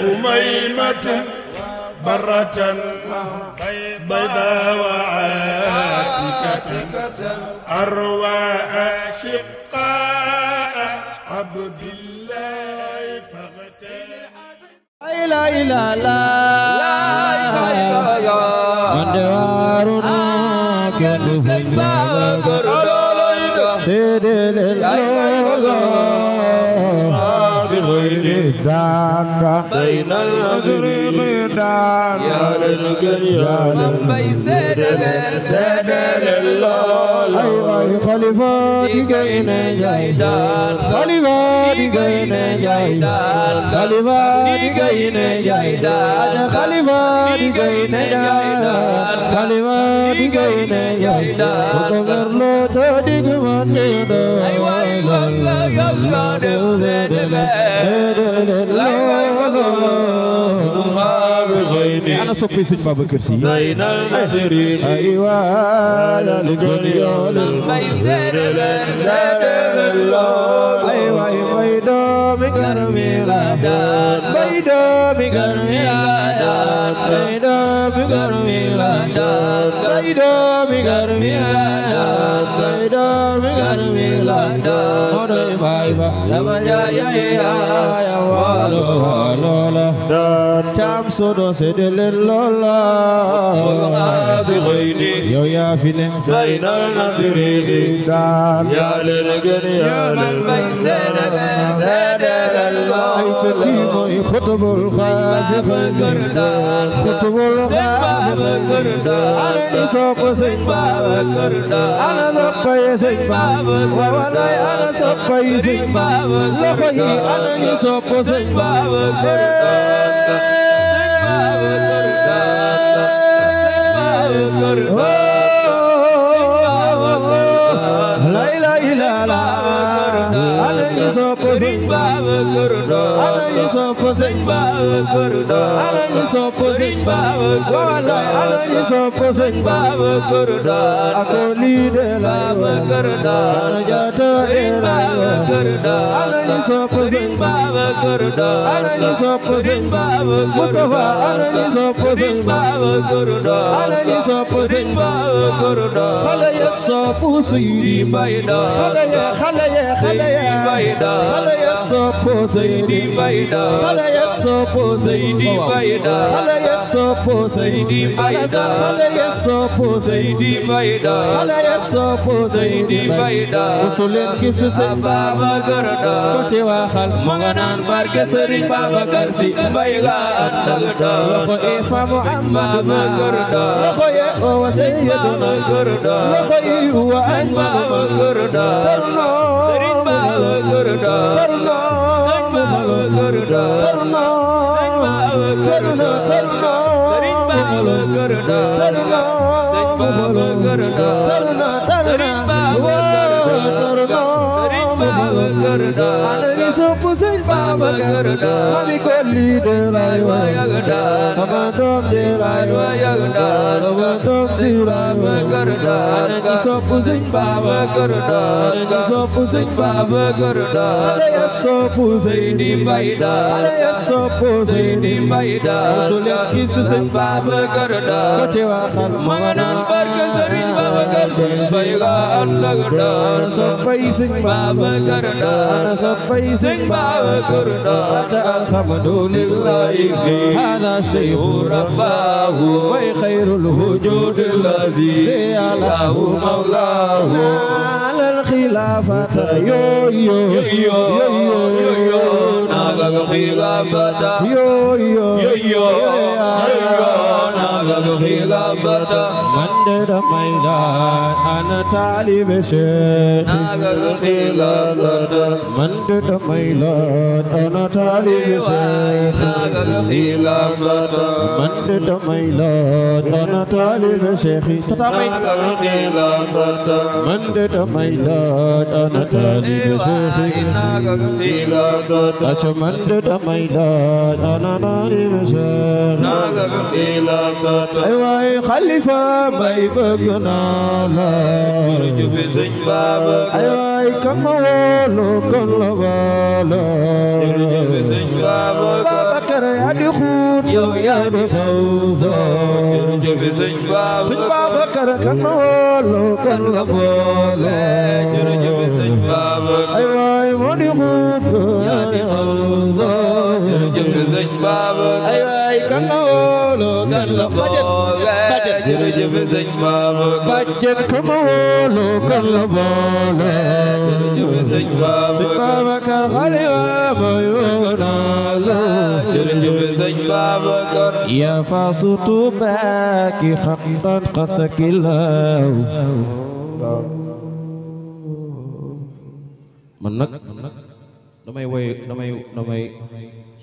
أميمة برة بيضاء وعاتكة أروى أشقاء عبد الله فاغتيل لا إله إلا الله ونوارنا كل في المغرب سيد الله الغير ذاك بين المشرق دان يا للجن يا للبي سيد سيد لله أي خليفاتك إن جايدان خليفاتك إن جايدان خليفاتك إن جايدان خليفاتك إن جايدان خليفاتك إن جايدان وكبر له تدق من جدار ana soppay sëñ Babacar Si ay la تمسد سدل اللولا بغيني يو يا فين بين النصرين يا للجن يا للميسر زاد الله خطب الخازق خطب الخازق على سوق سيد على سوق سيد وولاي على سوق سيد لخي على سوق سيد ਕਰਦਾ ilaha illallah ana yusuf sëñ Babacar ana yusuf sëñ Babacar ana yusuf sëñ Babacar ana yusuf sëñ Babacar ako li de la Babacar ana jata de la ana yusuf sëñ Babacar ana yusuf sëñ Babacar Mustafa ana yusuf sëñ Babacar ana yusuf sëñ Babacar xale ya safu suy bay bayda xale ya xale ya xale ya soppo Seydi Mbaye Dar xale ya soppo Seydi Mbaye Dar xale ya soppo Seydi Mbaye Dar xale ya soppo Seydi Mbaye Dar xale ya soppo Seydi Mbaye Dar musuleen gis Sëriñ Babacar Dar ko ci waxal mu nga naan barke Sëriñ Babacar Si Mbaye la àndal Dar loxo e fa Muhammad Babacar Dar loxo ye o wa Seydi Babacar Dar loxo yi wa añ Babacar Dar Garda ci sopp sëñ Babacar daal ci sopp sëñ Babacar daal ala ya sopp Seydi Mbaye daal ala ya sopp Seydi Mbaye daal su leen fils sëñ Babacar daal côté Waxal ma nga naan barke sëriñ Babacar sëñ Mbaye ga ànd ak daal soppay sëñ Babacar daal soppay sëñ Babacar daal alhamdulillahi hada sheikhu rabbahu way xayrul wujudi lazi مولاه على الخلافة يو يو يو يو على الخلافة يو يو يو على الخلافة من در ميدان أنا طالب شيخ على الخلافة من در ميدان أنا طالب شيخ خلافة من دمي لا أنا طالب شيخي تتابعي خلافة من دمي لا أنا طالب شيخي خلافة أجمل دمي لا أنا طالب شيخي خلافة أيوة خليفة ما يبقنا لا يرجو في سجبابك أيوة كم ولو كل بالا يرجو في سجبابك kër yaa di xuut yow yaa di fawza jërëjëf sëñ Babacar sëñ Babacar kan la wooloo kan la boole jërëjëf sëñ Babacar ay waay moo di xuut yaa Baba aywa ay kan la wóoloo kan la boole jërëjëf sëñ Baba bàjjen kan la wóoloo kan la boole jërëjëf sëñ Baba kan xale waa mooyoo naa la jërëjëf sëñ Baba kan yaa faasu tubaaki xaqan qasakilaaw man nag damay woy damay damay